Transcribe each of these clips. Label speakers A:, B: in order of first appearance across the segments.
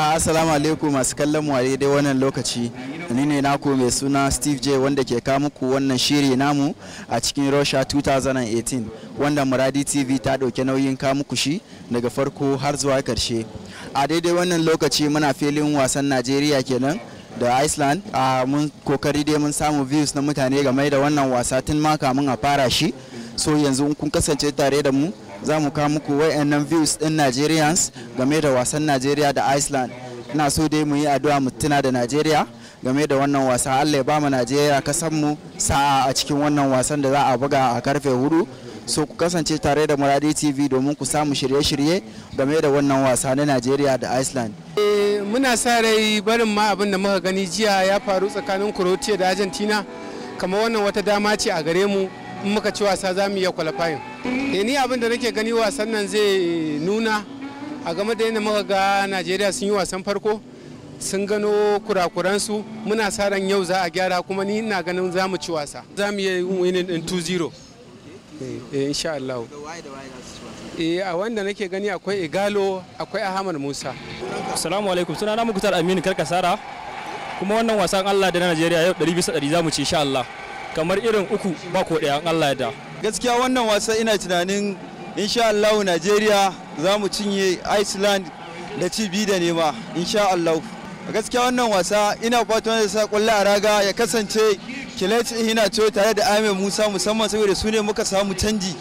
A: Assalamu alaikum masu kallon mu a daidai wannan lokaci ni ne naku mai suna Steve J wanda ke kawo muku wannan shiri namu a cikin Russia 2018 wanda Muradi TV ta ɗauki nauyin kawo muku shi daga farko har zuwa karshe. A daidai wannan lokaci muna filin wasan Najeriya kenan da Iceland a mun kokari dai mun samu views na mutane game da wannan wasa tun ma kamun a fara shi so yanzu kun kasance tare da mu za mu kawo muku wayannan views din Nigerians game da wasan Nigeria da Iceland ina so dai mu yi addu'a mu tuna da Nigeria game da wannan wasa Allah ya ba mu ka san mu sa'a a cikin wannan wasan da za a buga a karfe hudu so ku kasance tare da Muradi TV domin ku samu shirye-shirye game da wannan wasa na Nigeria da Iceland.
B: Eh, muna sa rai barin ma abin da muka gani jiya ya faru tsakanin Croatia da Argentina kamar wannan wata dama ce a gare mu in muka ci wasa za mu iya kwalifayin. e ni abin da nake gani wasan nan zai nuna a game da yadda muka ga najeriya sun yi wasan farko sun gano kurakuransu muna sa ran yau za a gyara kuma ni ina ganin za mu ci wasa za mu yi winin in 2-0 insha Allah eh, a wanda nake gani akwai igalo akwai ahmad musa assalamu alaikum suna
C: na mukutar aminu karkasara kuma wannan wasan Allah da na Najeriya yau 100 bisa 100 za mu ci insha Allah kamar irin uku ba ko ɗaya Allah da. Gaskiya wannan wasa ina tunanin insha
A: Allahu Najeriya za mu cinye Iceland da ci bi da nema insha Allahu. Gaskiya wannan wasa ina fatan da sa kwallo a raga ya kasance in Ihina ce tare da Ahmed Musa musamman saboda su ne muka samu canji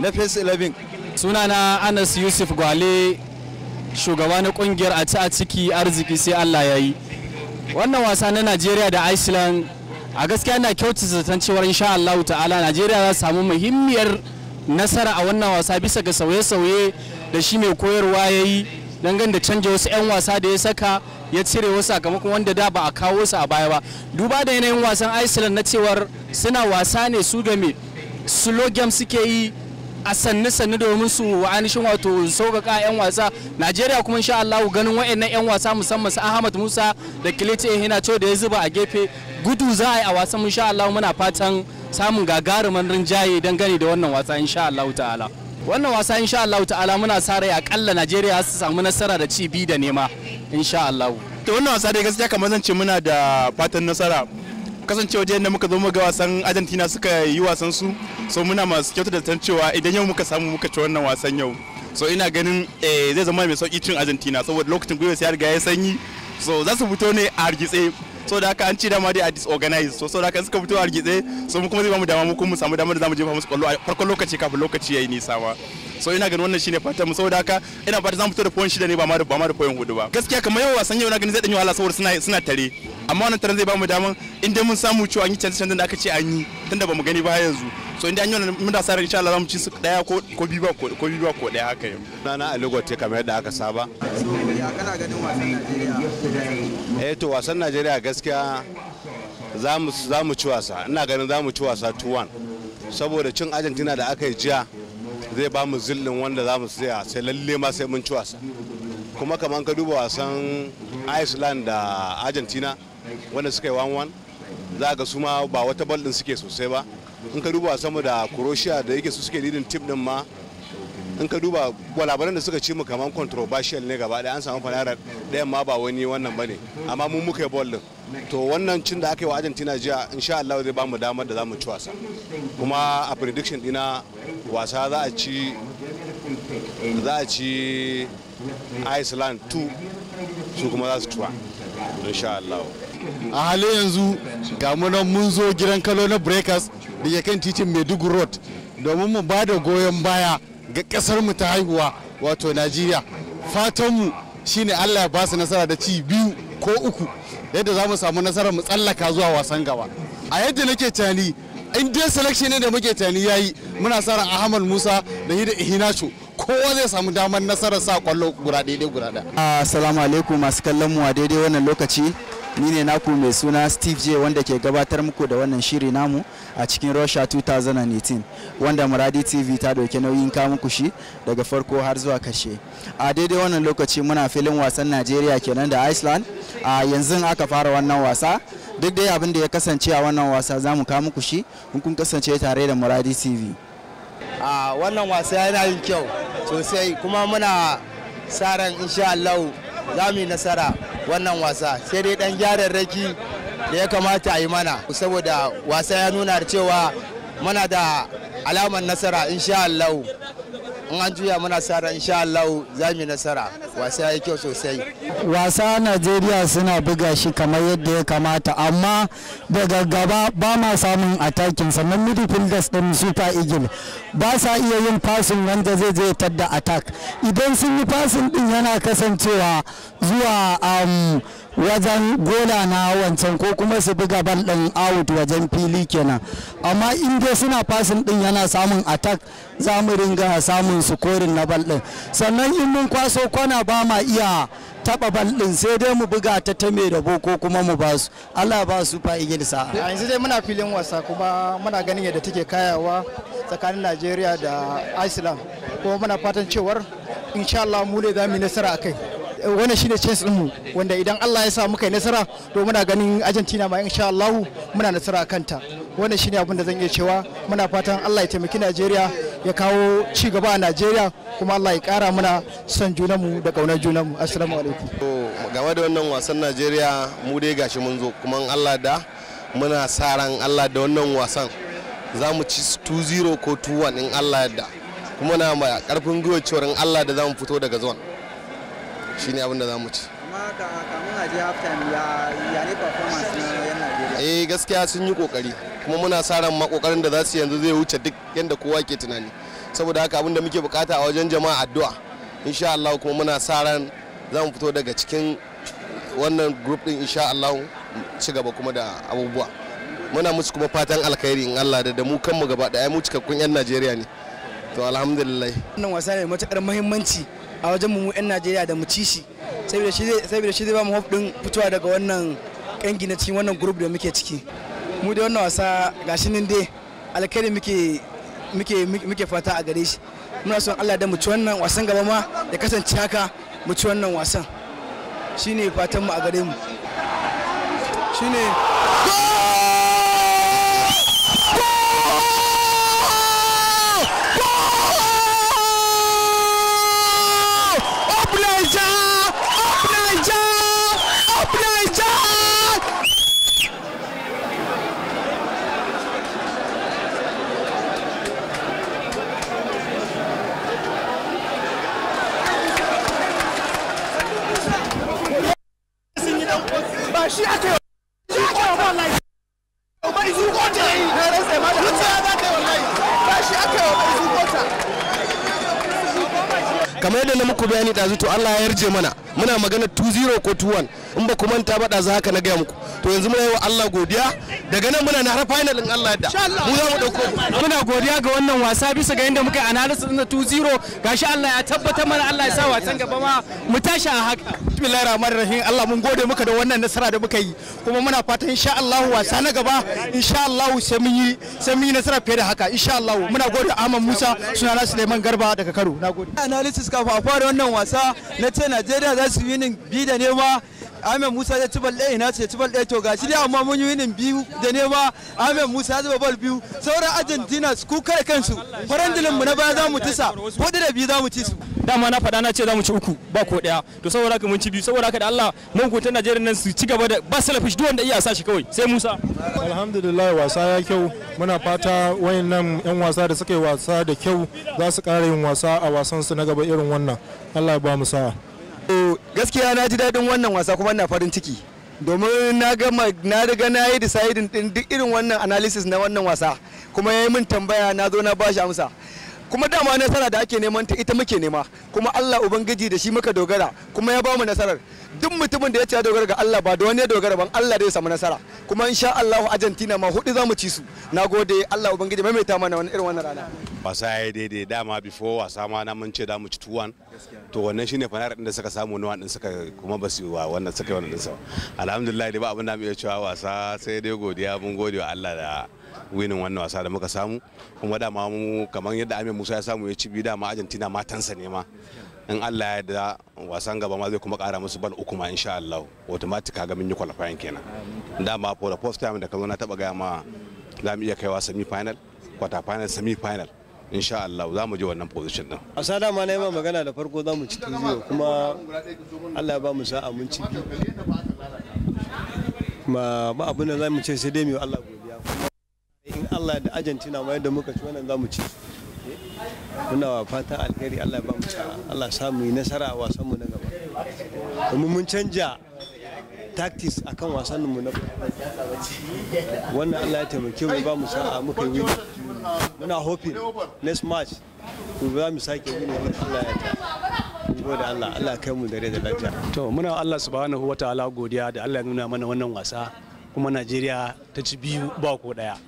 A: na Face 11.
C: Sunana Anas Yusuf Gwale shugaba na kungiyar a ci a ciki arziki sai Allah ya yi. Wannan wasa na Najeriya da Iceland a gaskiya na kyautu zaton cewar insha Allah ta'ala Najeriya za su samu muhimmiyar nasara a wannan wasa bisa ga sauye-sauye da shi mai koyarwa ya yi dangane da canja wasu 'yan wasa da ya saka ya cire wasu sakamakon wanda da ba a kawo su a baya ba duba da yanayin wasan Iceland na cewar suna wasa ne su game slow game suke yi a sanni-sanni domin su ainihin wato sauƙaƙa 'yan wasa najeriya kuma insha allahu ganin wa'annan 'yan wasa musamman su ahmad musa da kiliti ehina da ya zuba a gefe gudu za a yi a wasan insha allahu muna fatan samun gagarumin rinjaye dangane da wannan wasa insha allahu ta'ala wannan wasa insha allahu ta'ala muna sa rai akalla najeriya su samu nasara da ci bi da nema insha allahu
B: to wannan wasa dai gaskiya kamar zan ce muna da fatan nasara kasancewa da muka zo ga wasan argentina suka yi wasan su so muna masu kyautar da tan cewa idan yau muka samu muka ci wannan wasan yau so ina ganin eh, zai zama mai sauki cin argentina saboda lokacin gwiwa sai riga ya sanyi so za su fito ne a hargitse so da haka an ci dama dai a disorganize so da haka suka fito a gitse so mu kuma zai bamu dama mu kuma mu samu dama da zamu jefa musu kwallo a farkon lokaci kafin lokaci yayi nisa ma so ina ganin wannan shine fatan mu da haka ina fata zamu fito da point shida ne ba ma da ba ma da point hudu ba gaskiya kamar yau wasan yau na ganin zai danyi wahala saboda suna suna tare amma wannan taron zai bamu dama in dai mun samu cewa an yi cancan da aka ce an yi tunda bamu gani ba yanzu so inda an yi wannan muna sa ran insha Allah zamu ci su daya ko ko biyu ba ko ko biyu ba ko daya haka yau na na a Lagos kamar yadda aka saba
A: ya kana ganin wasan
B: Najeriya eh to wasan Najeriya gaskiya zamu zamu ci wasa ina ganin zamu ci wasa 2-1 saboda cin Argentina da aka yi jiya zai ba mu zillin wanda za mu tsaya sai lalle ma sai mun ci wasa kuma kamar ka duba wasan Iceland da Argentina wanda suka yi 1-1 za ga su ma ba wata bal din suke sosai ba in ka duba sama da croatia da yake su suke leading team din ma in ka duba gwalabaran da suka ci mu kaman controversial ne gaba an samu fanarar ɗayan ma ba wani wannan bane amma mun muka yi ball din to wannan cin da aka yi wa argentina jiya insha Allah zai mu damar da za mu ci wasa kuma a prediction dina wasa za a ci za a ci iceland 2 su kuma za su tuwa insha Allah
C: a halin yanzu ga munan mun zo gidan kalo na breakers da ya kan titin maiduguri road domin mu ba da goyon baya ga kasar mu ta haihuwa wato najeriya fatanmu shine allah ya basu nasara da ci biyu ko uku yadda za mu samu nasara mu tsallaka zuwa wasan gaba a yadda nake tani in dai selection ne da muke ya yi, muna sa ran ahmad musa da hida ihinacho kowa zai samu damar nasarar sa kwallo guda daidai guda
A: daya. assalamu alaikum masu kallon mu a daidai wannan lokaci ni ne naku mai suna steve j wanda ke gabatar muku da wannan shiri namu a cikin russia 2018 wanda muradi tv ta dauke nauyin kamun kushi daga farko har zuwa kashe a daidai wannan lokaci muna filin wasan najeriya kenan da iceland a yanzu aka fara wannan wasa duk dai abin da ya kasance a wannan wasa za mu kushi in kun kasance tare da muradi tv wannan wasa yana yin kyau sosai kuma muna sa ran insha za mu yi nasara wannan wasa sai dai dan gyararraki da ya kamata a yi mana saboda wasa ya nuna da cewa muna da alamar nasara insha Allah in an juya muna sa ran insha Allah za mu nasara wasa ya kyau sosai
C: wasa najeriya suna buga shi kamar yadda ya kamata amma daga gaba ba ma samun atakin sannan midfielders din super eagle ba sa iya yin fasin wanda zai je tadda attack idan sun yi fasin din yana kasancewa zuwa um, wajen gola na wancan ko kuma su buga bal din out wajen fili kenan amma in suna fasin din yana samun attack za mu ringa samun sukorin na bal din sannan in mun kwaso kwana ba ma iya taba baldin sai dai mu
A: buga ta ta mai rabo ko kuma mu ba su Allah ba su fa yanzu dai muna filin wasa kuma muna ganin yadda take kayawa tsakanin Najeriya da Iceland kuma muna fatan cewar insha Allah mu ne zamu nasara akai wannan shine chance din mu wanda idan Allah ya sa muka yi nasara to muna ganin Argentina ma insha Allah muna nasara kanta wannan shine abin da zan iya cewa muna fatan Allah ya taimaki Najeriya ya kawo ci gaba a Najeriya kuma Allah ya kara mana son junanmu da kaunar junanmu assalamu alaikum
B: game da wannan wasan Najeriya mu dai gashi mun zo kuma Allah da muna sa ran Allah da wannan wasan za mu ci 2-0 ko 2-1 in Allah ya da kuma na ma karfin gwiwa cewar in Allah da za mu fito daga zuwan shine abin da za mu ci amma
A: kamun a je halftime ya yi performance na yan
B: Najeriya eh gaskiya sun yi kokari kuma muna sa ran makokarin da za su yanzu zai wuce duk yadda kowa ke tunani saboda haka abin da muke bukata a wajen jama'a addu'a insha Allah kuma muna sa ran za mu fito daga cikin wannan group din insha Allah ci gaba kuma da abubuwa muna musu kuma fatan alkhairi in Allah da da mu kanmu gaba daya mu cikakkun yan Najeriya ne to alhamdulillah wannan wasa
A: ne matukar muhimmanci a wajen mu yan Najeriya da mu ci shi saboda shi zai ba mu hope din fitowa daga wannan kangi na cikin wannan group da muke ciki mu da wannan wasa gashi nan dai alkhairi muke muke muke fata a gare shi muna son Allah da mu ci wannan wasan gaba ma ya kasance haka mu ci wannan wasan shine fatan mu a gare mu shine
B: ba
C: da hutsa za ka yi wallahi
B: kamar yadda na muku bayani ɗazu to Allah ya yarje mana muna magana 2-0 ko 2-1
C: in ba ku manta ba da za haka na gaya muku to yanzu muna yi wa Allah godiya daga nan muna na har final in Allah yadda mu za mu dauko muna godiya ga wannan wasa bisa ga yadda muka yi analysis na 2-0 gashi Allah ya tabbatar mana Allah ya sa wasan gaba ma mu tashi a haka bismillahir rahmanir rahim Allah mun
A: gode muka da wannan nasara da muka yi kuma muna fatan insha Allah wasa na gaba insha Allah sai mun yi sai mun yi nasara fiye da haka insha Allah muna gode Ahmad Musa suna na Suleiman Garba daga Kano nagode analysis kafin a fara wannan wasa na ce Najeriya za su yi bi da nema Ahmed Musa ya ci bal ɗaya ina ce ci bal ɗaya to shi dai amma mun yi winin biyu da nema Ahmed Musa ya zuba
C: bal biyu sauran Argentina su kare kansu farandilin mu na baya za mu tisa hudu da biyu za mu ci su dama na faɗa na ce za mu ci uku ba ko ɗaya to saboda haka mun ci biyu saboda haka da Allah mun ta Najeriya nan su ci gaba da ba salafish duk wanda iya sa shi kawai sai Musa
B: alhamdulillah wasa ya kyau
C: muna fata wayannan yan wasa da suka yi wasa da kyau za su ƙara yin wasa a wasan su na gaba irin wannan Allah ya ba mu sa'a gaskiya na ji daɗin wannan wasa kuma na
A: farin ciki domin na gama na riga na yi deciding din duk irin wannan analysis na wannan wasa kuma ya yi min tambaya na zo na ba shi amsa kuma dama nasara da ake neman ta ita muke nema kuma Allah ubangiji da shi muka dogara kuma ya ba mu nasarar duk mutumin da ya ce ya dogara ga Allah ba da wani ya dogara ban Allah da ya samu nasara kuma insha Allah Argentina ma hudu za mu ci su nagode Allah ubangiji maimaita mana wani irin wannan rana
B: wasa ya daidai dama before wasa ma na mun ce da mu ci tuwan to wannan shine fanar din da suka samu na din suka kuma ba su wa wannan suka yi wannan sa alhamdulillah dai ba abin da mu iya cewa wasa sai dai godiya mun gode wa Allah da winin wannan wasa da muka samu kuma dama mu kamar yadda Amin Musa ya samu ya ci bi dama Argentina tansa ne ma in Allah ya da wasan gaba ma zai kuma kara musu bal uku ma insha Allah automatic ga mun yi qualifying kenan dama for the first time da kazo na taba ga ma za mu iya kaiwa semi final quarter final semi final insha Allah za mu je wannan position din a sada ma na yi magana da farko za mu ci tuzo kuma Allah ya ba mu sa'a mun ci ma ba abin da za mu ce sai dai mu Allah godiya in Allah da Argentina ma yadda muka ci wannan za mu ci muna wa fatan alheri Allah ya ba mu sa'a Allah samu nasara a wasan mu na
C: gaba mun
B: canja tactics akan wasannin mu na wannan Allah ya taimake mu ba mu sa'a muka yi muna hoping next match ku ba mu sake ne Allah ya ta da Allah Allah kai mu dare da lafiya to muna Allah subhanahu wataala godiya da Allah ya nuna mana wannan wasa kuma Najeriya ta ci biyu ba ko daya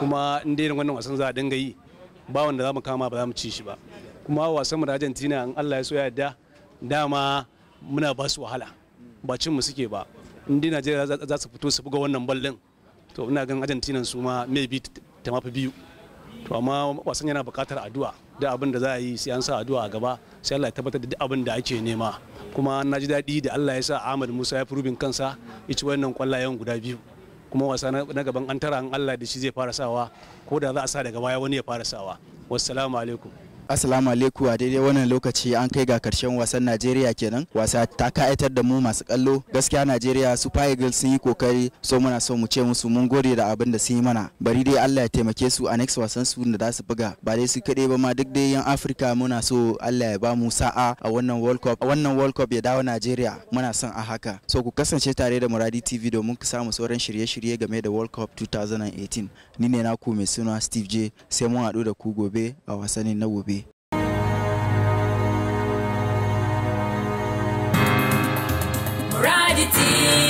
B: kuma in dai wannan wasan za a dinga yi ba wanda za mu kama ba za mu ci shi ba kuma wasan mu da Argentina in Allah ya so ya yarda dama muna ba su wahala ba cin mu suke ba in najeriya za su fito su buga wannan ball to ina ganin argentina su ma maybe ta mafi biyu to amma wasan yana buƙatar addu'a da abin da za a yi sai an sa addu'a a gaba sai Allah ya tabbatar da duk abin da ake nema kuma na ji daɗi da Allah ya sa Ahmad Musa ya furubin kansa ya ci wannan kwallayen guda biyu kuma wasa na gaban an tara an Allah da shi zai fara sawa ko da za a sa daga baya wani ya fara sawa wassalamu alaikum
A: Assalamu alaikum a daidai wannan lokaci an kai ga karshen wasan Najeriya kenan. Wasa ta kayatar da mu masu kallo. Gaskiya Najeriya Super Eagles sun yi kokari so muna so mu ce musu mun gode da abin da sun yi mana. Bari dai Allah ya taimake su a next wasan su da za su buga. Ba dai su kade ba ma duk dai yan Africa muna so Allah ya ba mu sa'a a wannan World Cup. A wannan World Cup ya dawo Najeriya muna son a haka. So ku kasance tare da Muradi TV domin ku samu sauran shirye-shirye game da World Cup 2018. Ni ne naku mai suna Steve J. Sai mun haɗu da ku gobe a wasannin na gobe. eternity.